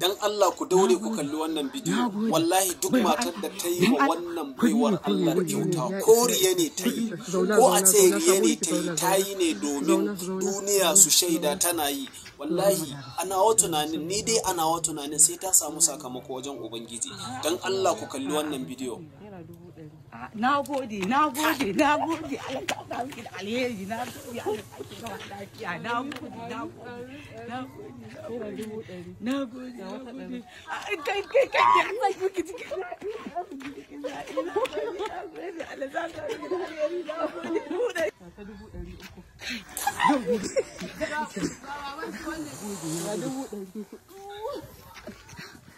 dan Allah ku daure ku kalli wannan bidiyo wallahi duk matar da ta yi wa wannan baiwar Allah da kyauta ko riya ne ta yi ko a ce riya ne ta yi ta yi ne domin duniya su shaida tana yi wallahi ana wa tunanin ni dai ana wa tunanin sai ta samu sakamako wajen ubangiji dan Allah ku kalli wannan bidiyo dubu ɗari. Na gode, na gode, na gode, Allah ka miki da alheri, na gode, Allah ka ki gaba lafiya, na gode, na gode, na gode. Naira dubu ɗari. Na gode, na gode. na gode, dubu Na gode. Na gode. Na gode.